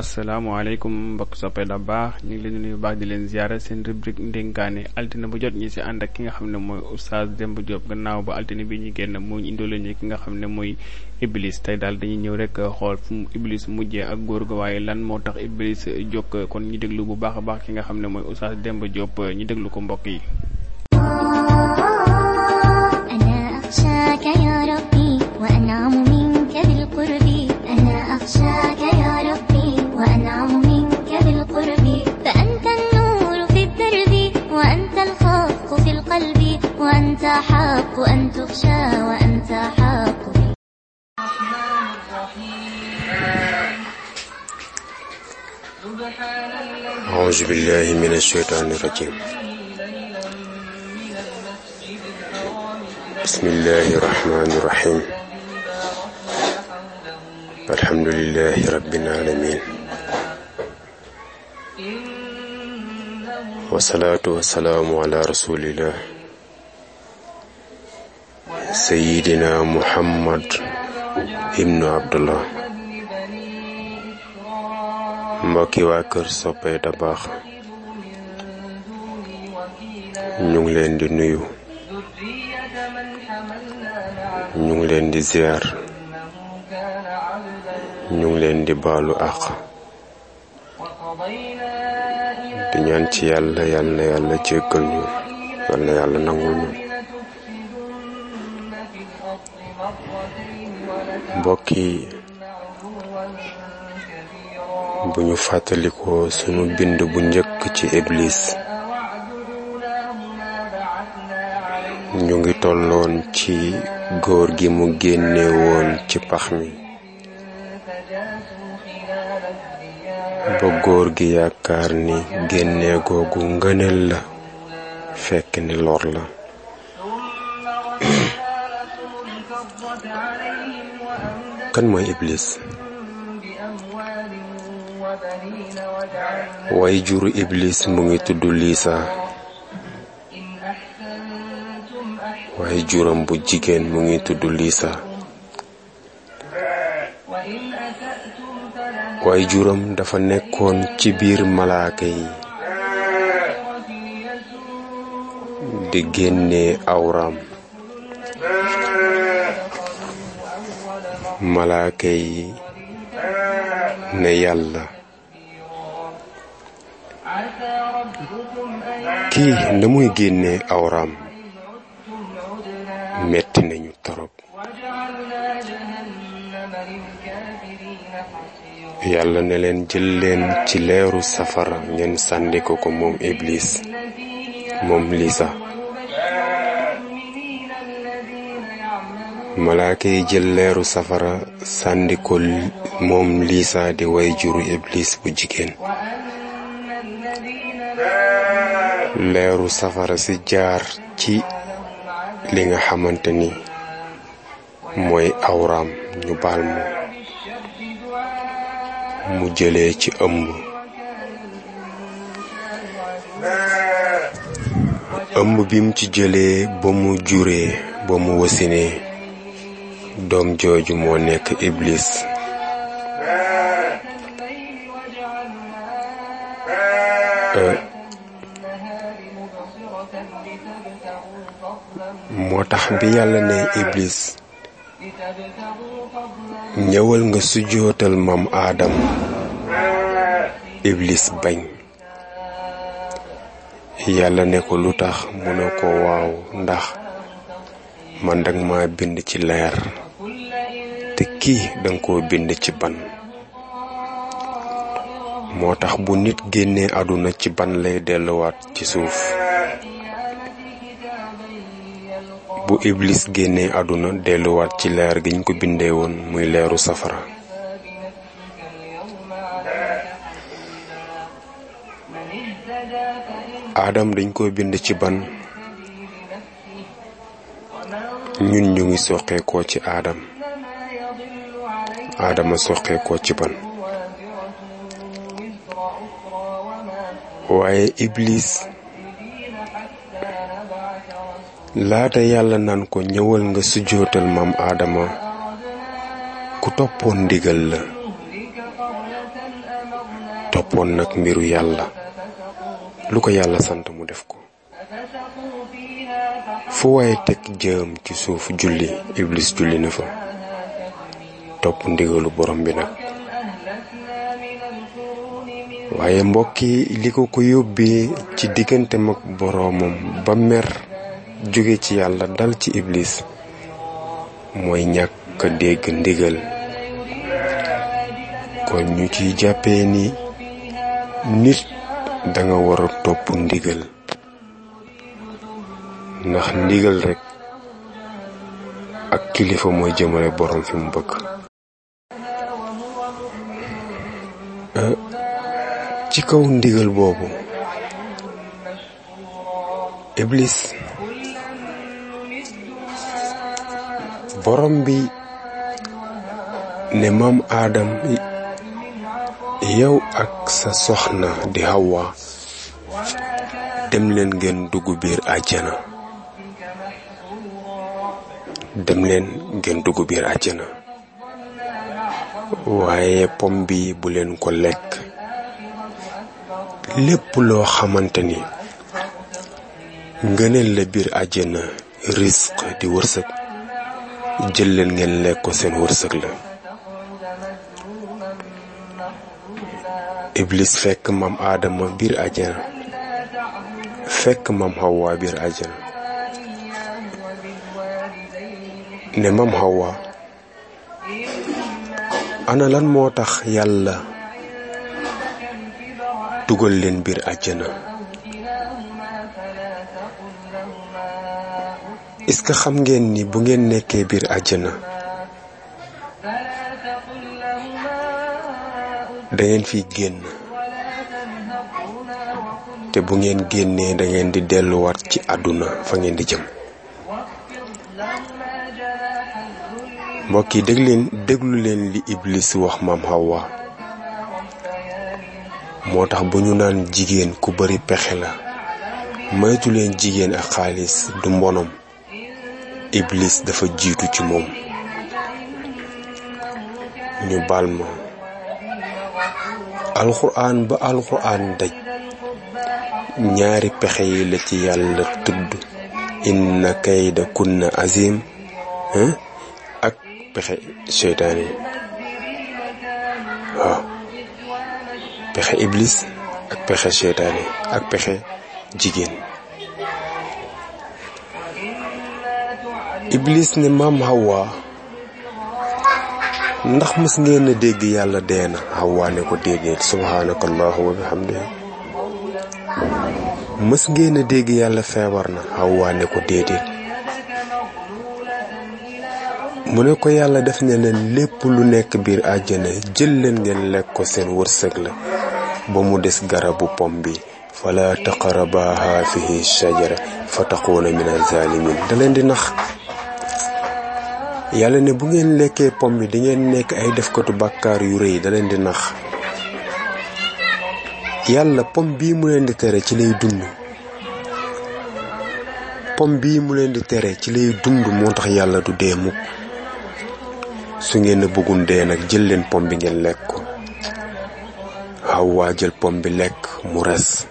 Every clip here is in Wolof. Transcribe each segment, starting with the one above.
asalaamaaleykum mbokk soppe da baax ñu ngi leen di nuyu baax di leen ziyaara seen rubrique ndénkaane altine bu jot ñi ci ànd ak ki nga xam ne mooy oustaz Demba Diop gannaaw ba altine bi ñu génn moo ñu indoo ñu ki nga xam ne mooy iblis tey daal dañuy ñëw rek xool fu mu iblis mujjee ak góor ga waaye lan moo tax iblis jokk kon ñu déglu bu baax a baax ki nga xam ne mooy oustaz Demba Diop ñu déglu ko mbokk yi أنت حق أن تخشى وأنت حق الرحمن الرحيم أعوذ بالله من الشيطان الرجيم بسم الله الرحمن الرحيم الحمد لله رب العالمين والصلاة والسلام على رسول الله Seyyidina Muhammad ibnu Abdullah mbokki waa kër soppe da baax ñu ngi leen di nuyu ñu ngi leen di ziar ñu ngi leen di baalu àq di ñaan ci yàlla yàlla yàlla jéggal ñu yàlla yàlla nangul ñu mbokki bu ñu fàttalikoo sunu bind bu njëkk ci iblis ñu ngi tolloon ci góor gi mu génnewoon ci pax mi ba góor gi yaakaar ni génne googu ngëneel la fekk ni lor la kan juru iblis mu ngi tudd liisa waaye juram bu jigéen mu ngi tudd liisa waaye juram dafa nekkoon ci biir malaaka yi di génnee awram malaaka yi ne yàlla kii na muy génne awraam metti nañu torop yàlla ne leen jël leen ci leeru safara ngeen sànni ko ko moom iblis moom liisa malaaka yi jël leeru safara sandiko moom liisaa di way juru iblis bu jigéen leeru safara si jaar ci li nga xamante ni mooy awraam ñu baal ma mu jëlee ci ëmb ëmb bim ci jëlee ba mu juree ba mu wasinee doom jooju moo nekk iblis euh, moo tax bi yàlla ne iblis ñëwal nga sujjootal maam aadam iblis bañ yàlla ne ko lu tax mu ne ko waaw ndax man dag ma bind ci leer te kii danga koo bind ci ban moo tax bu nit génnee àdduna ci ban lay delluwaat ci suuf bu iblis génnee àdduna delluwaat ci leer gi ñu ko bindee woon muy leeru safara aadam dañ ko bind ci ban ñun ñu ngi soqeekoo ci aadam aadama soqeekoo ci ban waaye ibliis laata yàlla naan ko ñëwal nga sujjootal maam aadama ku toppoon ndigal la toppoon nag mbiru yàlla lu ko yàlla sant mu def ko fu waaye teg njëam ci suuf julli iblis julli na fa topp ndigalu borom bi nag waaye mbokki li ko ko yóbbee ci diggante mag boroomam ba mer jóge ci yàlla dal ci iblis mooy ñàkk a dégg ndigal kon ñu ciy jàppe ni nit danga war a topp ndigal ndax ndigal rek ak kilifa mooy jëmane borom fi mu bëgg ci kaw ndigal boobu iblis borom bi ne maam aadam yow ak sa soxna di Hawa dem leen ngeen dugg biir àjjana dem leen ngeen dugg biir àjjana waaye pom bi bu leen ko lekk lépp loo xamante ni ngëneel la biir àjjana risque di wërsëg jël leen ngeen lekk seen wërsëg la iblis fekk maam aadama biir àjjana fekk maam xawwa biir àjjana ne mam Hawa ana lan moo tax yàlla dugal leen biir àjjana est-ce xam ngeen ni bu ngeen nekkee biir àjjana dangeen fi génn te bu ngeen génnee dangeen di delluwaat ci àdduna fa ngeen di jëm mbokk yi dégg déglu leen li iblis wax maam Hawa moo tax bu ñu naan jigéen ku bari pexe la moytu leen jigéen ak xaalis du mbonom iblis dafa jiitu ci moom ñu baal ma alxuraan ba alxuraan daj ñaari pexe yi la ci yàlla tudd inna kayda kunna azim pexe seytaane yi waaw pexe iblis ak pexe seytaane ak pexe jigéen iblis ne maam Hawa ndax mës ngeen dégg yàlla dee na Hawa ne ko déedéet subhaanaka allahu wa bihamdihi mës ngeen dégg yàlla feebar na Hawa ne ko déedéet mu ne ko yàlla def ne leen lépp lu nekk biir àjjana jël leen ngeen lekk ko seen wërsëg la ba mu des garabu pom bi fala taqaraba hafihi shajara fa taquuna min azalimin da leen di nax yàlla ne bu ngeen lekkee pom bi di ngeen nekk ay defkatu bàkkaar yu rëy da leen di nax yàlla pom bii mu leen di tere ci lay dund pom bii mu leen di tere ci lay dund moo tax yàlla du dee mukk su ngeen a dee nag jël leen pom bi ngeen lekk ko Hawa jël pom bi lekk mu res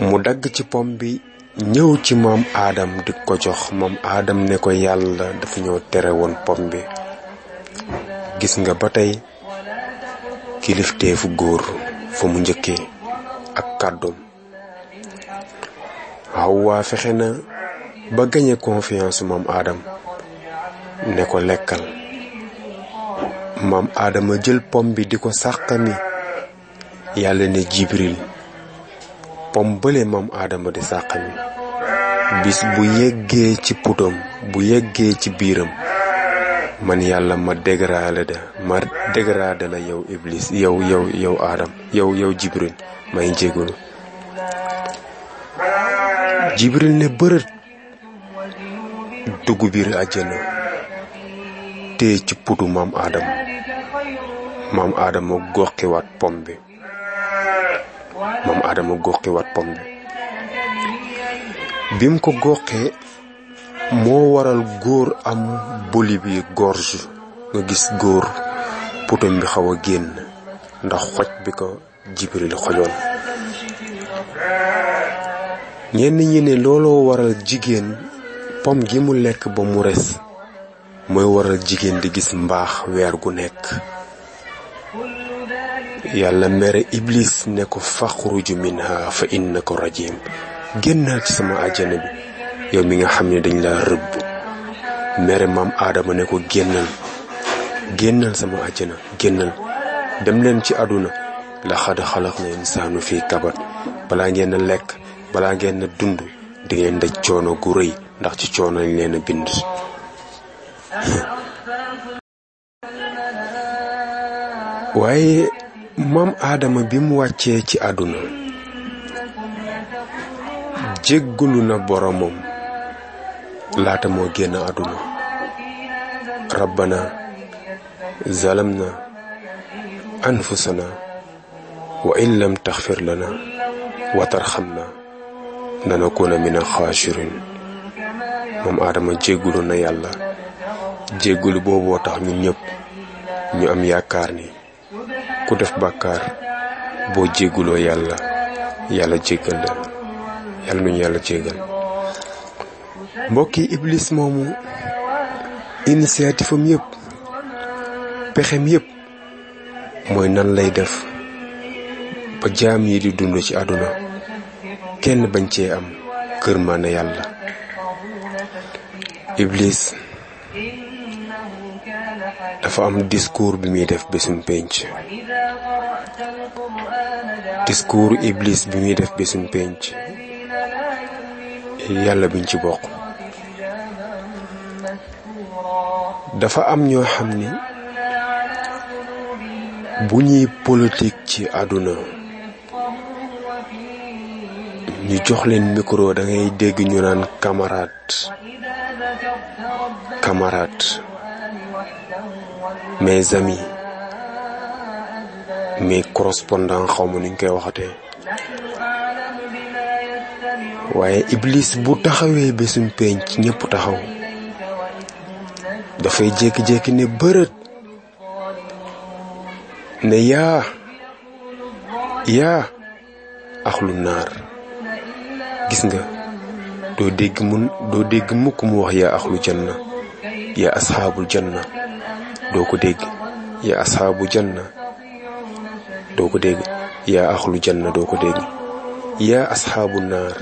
mu dagg ci pom bi ñëw ci maam aadam di ko jox maam aadam ne ko yàlla dafa ñëw tere woon pom bi gis nga ba tey kilifteefu góor fa mu njëkkee ak kàddoom Hawa fexe na ba gañe confiance maam aadam ne ko lekkal maam aadama jël pom bi di ko sàqami yàlla ne jibril pom bële maam aadama di sàqami bis bu yéggee ci putam bu yeggee ci biiram man yàlla ma dégradé da ma dégradé la yow iblis yow yow yow aadam yow yow jibril may njégunu jibril ne bërët dugg biir àjjana ci putu maam aadama maam aadama goqiwaat pom bi bi bim ko goqee moo waral góor am boli bi gorge nga gis góor putam bi xaw a génn ndax xoj bi ko jibril xojoon ñenn ñi ne looloo waral jigéen pom gi mu lekk ba mu res mooy waral jigéen di gis mbaax weer gu nekk yàlla mere iblis ne ko faxruju minha fa innaka rajim génnal ci sama àjjana bi yow mi nga xam ne dañ laa rëbb mere maam aadama ne ko génnal génnal sama àjjana génnal dem leen ci àdduna la xad xalaq na insaanu fii kabat balaa ngeen lekk balaa ngeen dund di ngeen daj coono gu rëy ndax ci coono leen a bind waaye maam aadama bi mu wàccee ci àdduna jéggalu na boromam laata moo génn àdduna rabbana zalamna anfusana wa in lam taxfir lana wa tarxamna nanakuna min a xaasirin moom aadama jéggalu na yàlla jéggulu booboo tax ñu ñëpp ñu am yaakaar ni ku def bàkkaar boo jégguloo yàlla yàlla jéggal la yàlla nu ñu yàlla jéggal mbokki iblis moomu initiative am yëpp pexem yépp mooy nan lay def ba jaam yi di dund ci àdduna kenn bañ cee am kër mën na yàlla iblis dafa am discours bi muy def bésum pénc discours iblis bi muy def bésum pénc yàlla biñ ci bokk dafa am ñoo xam ni bu ñuy politique ci àdduna ñu jox leen micro da ngay dégg ñu naan camarade camarade mes amis mes correspondants xaw ma nuñ koy waxatee waaye iblis bu taxawee bésum penc ñëpp taxaw dafay jékki-jékki ne bërët ne yaa yaa axlu naar gis nga doo dégg mun doo dégg mukk mu wax yaa axlu janna yaa asxaabul janna doo ko dégg ya asxaabu janna doo ko dégg yaa axlu janna doo ko dégg yaa asxaabu naar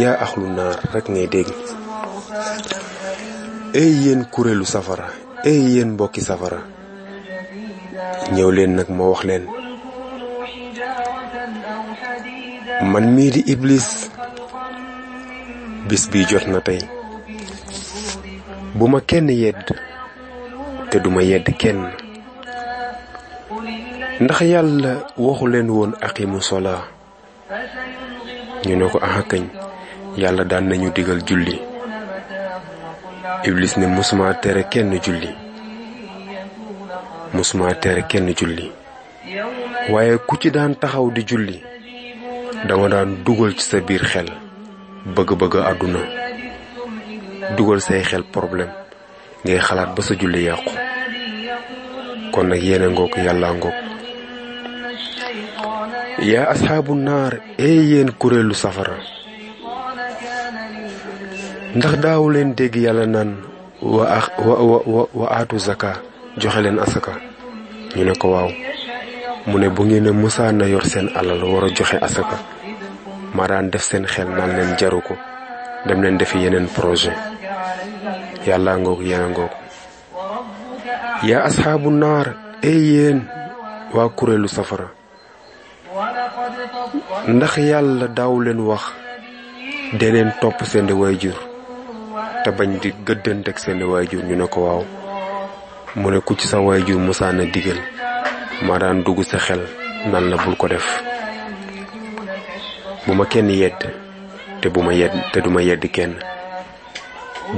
yaa axlu naar rek ngay dégg ey yéen kuréelu safara ey yéen mbokki safara ñëw leen nag ma wax leen man mii di iblis bis bi jot na tey bu ma kenn yedd te duma yedd kenn ndax yàlla waxu leen woon aqimu sola ñu ne ko axakañ yàlla daan nañu digal julli iblis ne musuma tere kenn julli tere kenn julli waaye ku ci daan taxaw di julli danga daan dugal ci sa biir xel bëgg-bëgg àdduna dugal say xel problème ngay xalaat ba sa julli yàqu kon nag yéen a ngoog yàlla ngoog yaa asxaabu naar ee yéen kuréelu safara ndax daaw leen dégg yàlla naan wa aatu zaka joxe leen asaka ñu ne ko waaw mu ne bu ngeen a mësaan na yor seen alal war a joxe asaka maa daan def seen xel naan leen jaru ko dem leen defi yeneen projet yàlla ngoog yéena ngoog yaa asxaabu naar ey waa kuréelu safara ndax yàlla daaw leen wax deneen topp seen waajur te bañ di gëddanteeg seen waajur ñu ne ko waaw mu ne ku ci sa waajur musaana digal ma daan dugg sa xel nan la bul ko def bu ma kenn yedd te bu ma yedd te duma yedd kenn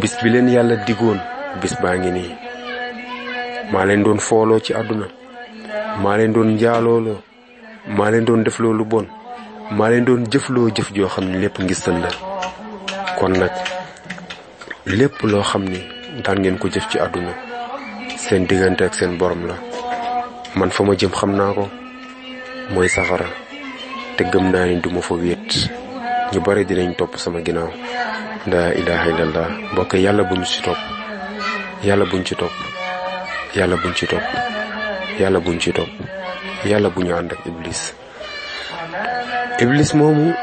bis bi leen yàlla digoon bis baa ngi nii maa leen doon fooloo ci àdduna maa leen doon njaalooloo maa leen doon defloo lu bon maa leen doon jëfloo jëf joo xam ne lépp ngistal la kon nag lépp loo xam ni daan ngeen ko jëf ci àdduna seen diggante ak seen borom la man fa ma jëm xam naa ko mooy safara te gëm naa ni duma fa wéet ñu bari dinañ topp sama ginnaaw laa ilaha illallah mbokk yàlla buñ ci topp yàlla ci topp yàlla buñ ci topp yàlla buñ ci topp yàlla bu ñu ànd ak iblis iblis moomu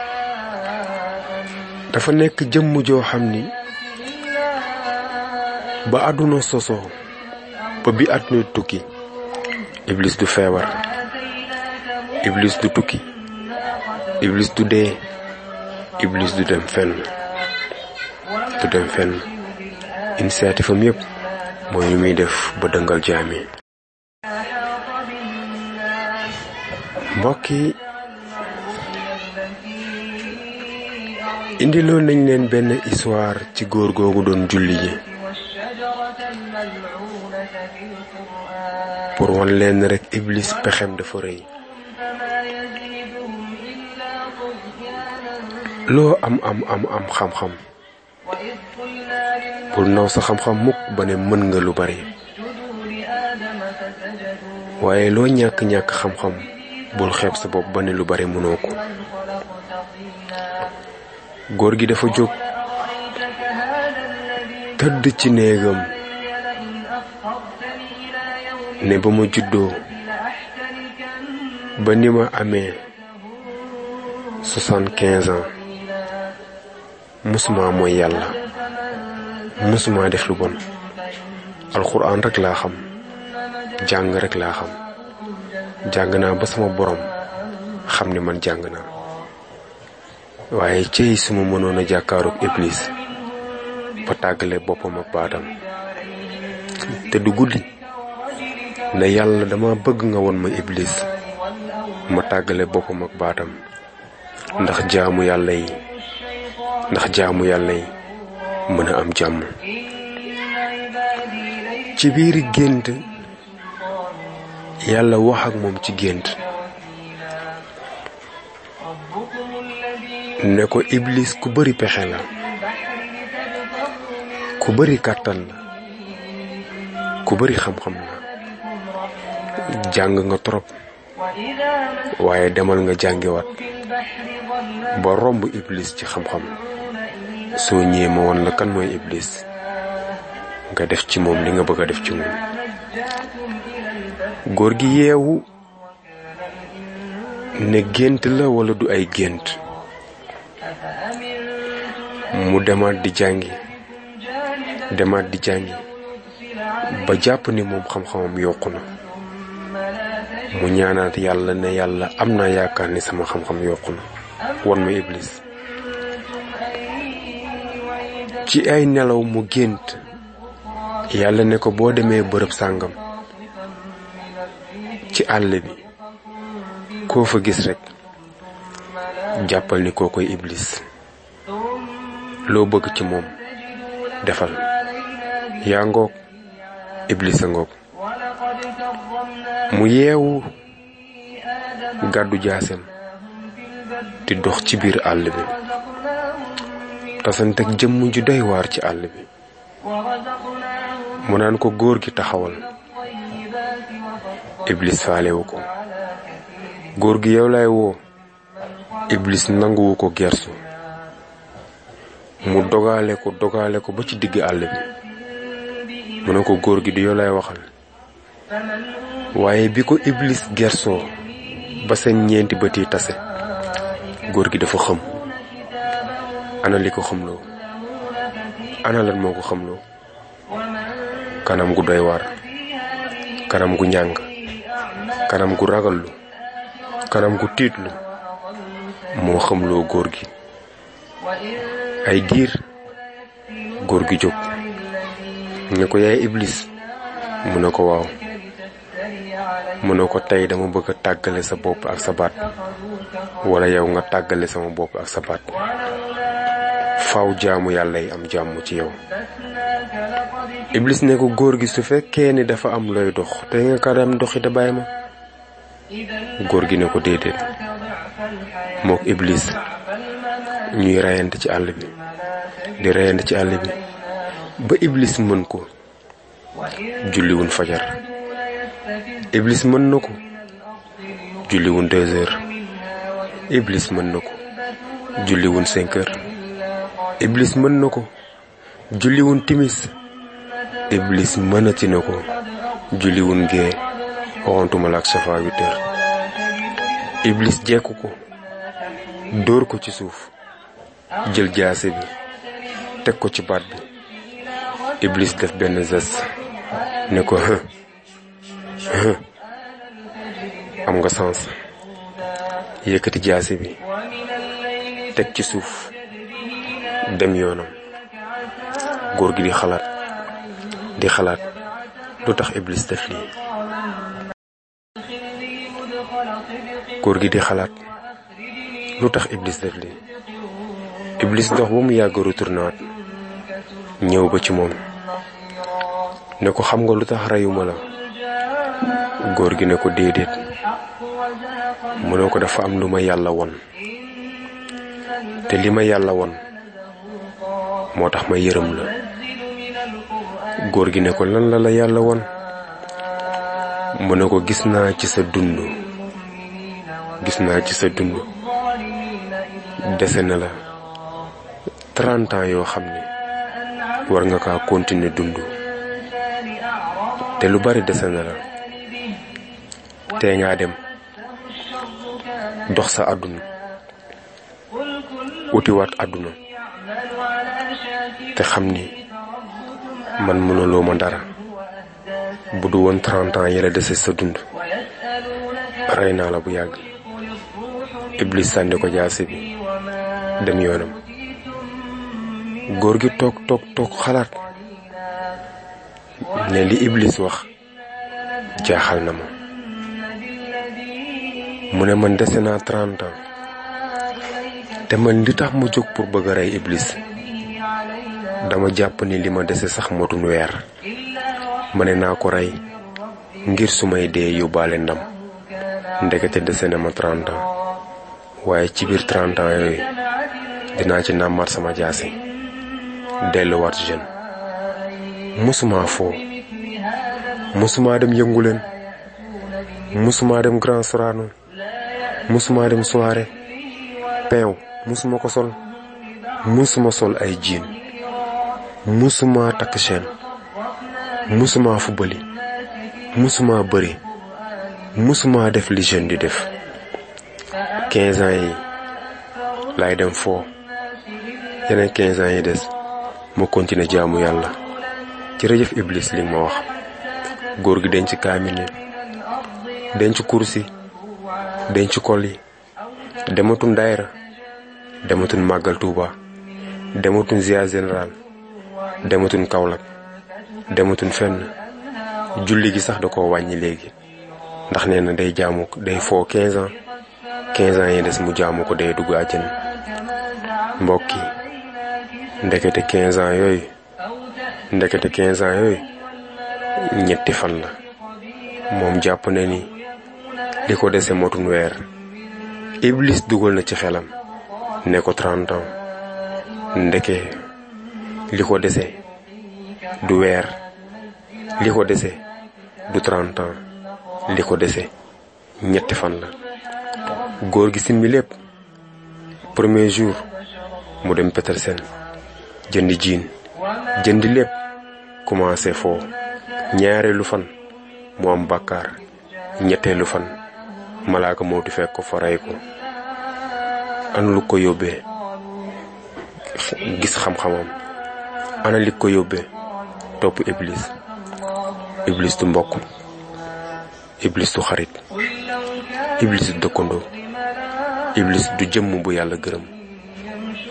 dafa nekk jëmm joo xam ni ba àdduna sosoo ba bi àdduna tukki iblis du feebar iblis du tukki iblis du dee iblis du dem fenn du dem fenn initiative am yépp mooy lu muy def ba dëngal jaam yi mbokk yi indiloon nañ leen benn histoire ci góor googu doon julli ji pour wan leen rek pexem dafa rëy loo am am am am xam-xam bul naw sa xam-xam mukk ba ne mën nga lu bari waaye loo ñàkk-ñàkk xam-xam bul xeeb sa bopp ba ne lu bari mënoo ko góor gi dafa jóg tëdd ci néegam ne ba ma juddoo ba ni ma amee soixante-quinze ans mësuma mooy yàlla mësuma def lu bon alxuraan rek laa xam jàng rek laa xam jàng naa ba sama boroom xam ni man jàng naa waaye ci suma mënoon a jàkkaaroog iblis ba tàggalee boppam ak baatam te du guddi ne yàlla dama bëgg nga woon ma iblis ma tàggale boppam ak baatam ndax jaamu yàlla yi ndax jaamu yàlla yi mën a am jàmm ci biir gént yàlla wax ak moom ci gént ne ko iblis ku bari pexe la ku bari kàttan la ku bari xam-xam la jàng nga trop waaye demal nga jàngiwaat ba romb iblis ci xam-xam soo ñëwee ma woon la kan mooy iblis nga def ci moom li nga bëgg a def ci moom góor gi yeewu ne gént la walla du ay gént mu demaat di jàngi demaat di jàngi ba jàpp ni moom xam-xamam yokku na mu ñaanaat yàlla na yàlla am naa yaakaar ni sama xam-xam yokku na won ma iblis ci ay nelaw mu gént yàlla ne ko boo demee bërëb sàngam ci àll bi koo fa gis rekk jàppal ni koo koy iblis loo bëgg ci moom defal yaa ngoog iblis a ngoog mu yeewu gàddu jaaseem di dox ci biir àll bi tasante ak jëmm ju doy waar ci àll bi mu naan ko góor gi taxawal iblis faalewu ko góor gi yow laay woo iblis nanguwu ko gersu mu dogaale ko dogaale ko ba ci digg àll bi mu ne ko góor gi di yow lay waxal waaye bi ko iblis gersoo ba seen ñeenti bët yi tase góor gi dafa xëm ana li ko xamloo ana lan moo ko xamloo kanam gu doy war kanam gu njàng kanam gu ragallu kanam gu tiitlu moo xamloo góor gi ay diir góor gi jóg ne ko yaay iblis mu ne ko waaw mu ne ko tey dama bëgg a tàggale sa bopp ak sa baat wala yow nga tàggale sama bopp ak sa baat faw jaamu yàlla yi am jàmm ci yow iblis ne ko góor gi su fekkee ni dafa am looy dox te nga ka dam doxi te bàyyi ma góor gi ne ko déedéet mook iblis ñuy reyante ci àll bi di reyante ci àll bi ba iblis mën ko julliwun fajar iblis mën na ko julliwun deux heures iblis mën na ko julliwun cinq heures iblis mën na ko julliwun timis iblis mënati na ko julliwun gee waxantuma la ak safa huit heures jekku ko dóor ko ci suuf jël jaase bi teg ko ci baat bi iblis def benn geste ne ko hë am nga sens yëkkati jaase bi teg ci suuf dem yoonam góor gi di xalaat di xalaat lu tax iblis def lii góor gi di xalaat lu tax iblis def lii iblis dox ba mu yàgg retourné ñëw ba ci moom ne ko xam nga lu tax reyuma la góor gi ne ko déedéet mu ko dafa am lu ma yàlla won te li ma yàlla won moo tax ma yërëm la góor gi ne ko lan la la yàlla won mu ne ko gis naa ci sa dund gis naa ci sa dund dese na la trente yoo xam ne war nga kaa continuer dund te lu bari dese na ngaa dem dox sa àdduna wutiwat àdduna te xam ni man mënuloo ma dara bu du woon 30 yi yële dese sa dund rey naa la bu yàgg iblis sànni ko jaase bi dem yoonam góor gi toog toog toog xalaat ne li iblis wax jaaxal na ma mu ne mën dese naa 30 te mën li tax mu jóg pour bëgg a rey iblis dama jàpp ni li ma dese sax motul weer ma ne naa ko rey ngir su may dee yóbbaale ndam ndekete dese na ma 30 waaye ci biir 30 yooyu dinaa ci nàmmaat sama jaasi delluwaat jeune mësuma foo mësuma dem yënguleen mësuma dem Grand Sorano mësuma dem soirée peew mësuma ko sol mësuma sol ay jiin musuma takk chaîne musuma fubali musuma bëri musuma def li jeune di def quinze ans yi lay dem foo yeneen quinze ans yi des ma continuer jaamu yàlla jërëjëf iblis li ma wax góor gi denc kaamil yi denc kursi denc kol yi dematum daayra dematul màggal tuuba dematul ziar général dematuñ Kaolack dematuñ fenn julli gi sax da koo wàññi léegi ndax nee na day jaamu day foo 15 ans 15 ans yi des mu jaamu ko day dugg àjjana mbokk yi ndekete quinze ans yooyu ndekete quinze ans yooyu ñetti fan la moom jàpp na ni li ko dese motun weer iblis dugal na ci xelam ne ko 30 ans ndeke li ko dese du weer li ko dese du trente li ko dese ñetti fan la góor gi simmi lépp premier jour mu dem Petersen jënd jiin jënd lépp commencé foo ñaareelu fan mu am bàkkaar ñetteelu fan malaaka moo di fekk ko fa rey ko an lu ko yóbbee gis xam-xamam ana li ko yóbbee topp iblis iblis du mbokk iblis du xarit iblis du dëkkandoo iblis du jëmm bu yàlla gërëm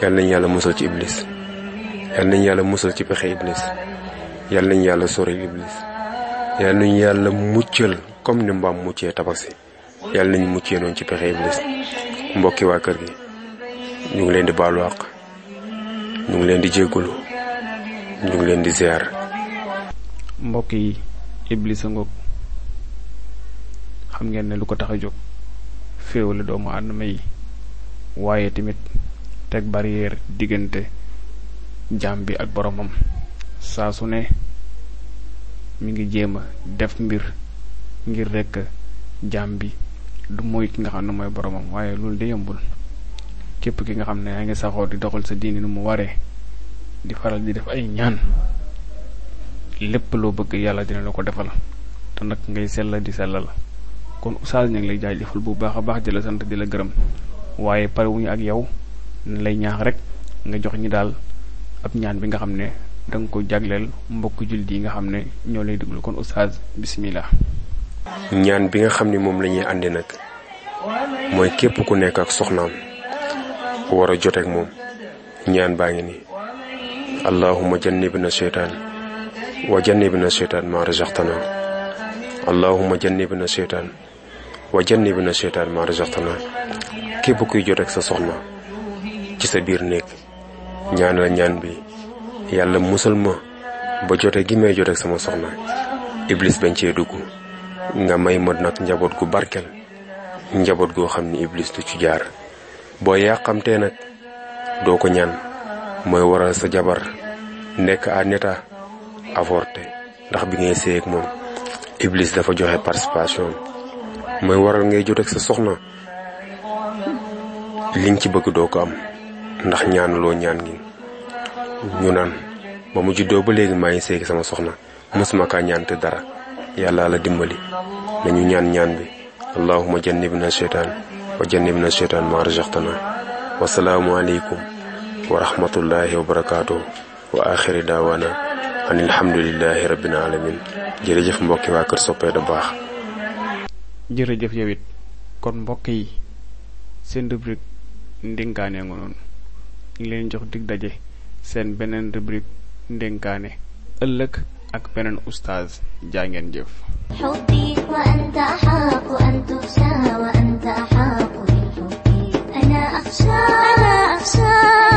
yal nañ yàlla musal ci iblis yal nañ yàlla musal ci pexe iblis yal nañ yàlla soril iblis yal nañ yàlla muccal comme ni mbaam muccee tabaski yal nañ muccee noonu ci pexe iblis mbokki waa kër gi ñu ngi leen di baalu àq ñu ngi leen di jéggulu ñu ngi mbokk yi Iblis sa ngoog xam ngeen ne lu ko tax a jóg féewale doomu aadama yi waaye tamit teg barrière diggante jaam bi ak boromam saa su ne mu ngi jéem a def mbir ngir rekk jaam bi du mooy ki nga xam ne mooy boromam waaye loolu de yombul képp ki nga xam ne yaa ngi saxoo di doxal sa diini nu mu waree. di faral di def ay ñaan lépp loo bëgg yàlla dina la ko defal te nag ngay sell di la kon oustaz ñu ngi lay jaajëfal bu baax a baax di la sant di la gërëm waaye pare wuñu ak yow ñu lay ñaax rek nga jox ñi daal ab ñaan bi nga xam ne danga ko jagleel mbokk jullit yi nga xam ne ñoo lay déglu kon oustaz bismillah ñaan bi nga xam ne moom la ñuy àndi nag mooy képp ku nekk ak soxnaam war a joteeg moom ñaan baa ngi nii allahuma jannibna seytaan wa jannibna seytaan ma razaqtana allahuma jannibna seytaan wa jannibna seytaan ma razaqtana képp kuy jot ak sa soxna ci sa biir néeg ñaanal ñaan bi yàlla musal ma ba jote gi may jot ak sama soxna iblis bañ cee dugg nga may ma nag njaboot gu barkel njaboot goo xam ni iblis du ci jaar boo yàqamtee nag doo ko ñaan mooy waral sa jabar nekk en état avorté ndax bi ngay séy moom iblis dafa joxe participation mooy waral ngay jot ak sa soxna liñ ci bëgg doo ko am ndax ñaanuloo ñaan ngi ñu naan ba mu juddoo ba léegi maa ngi séy sama soxna mosuma kaa ñaan te dara yàlla la dimbali nañu ñaan ñaan bi allahuma jannib na cheytaan wa jannib na cheytaan ma arjaxtana wasalaamu aleykum wa rahmatullahi wa barakaatu wa axiri daawaana an alhamdulillahi rabbil alamin jërëjëf mbokki waa kër soppee da baax jërëjëf yow kon mbokk yi seen rubrique ndénkaane nga leen jox dig daje seen beneen rubrique ndénkaane ëllëg ak beneen ustaaz jaa ngeen jëf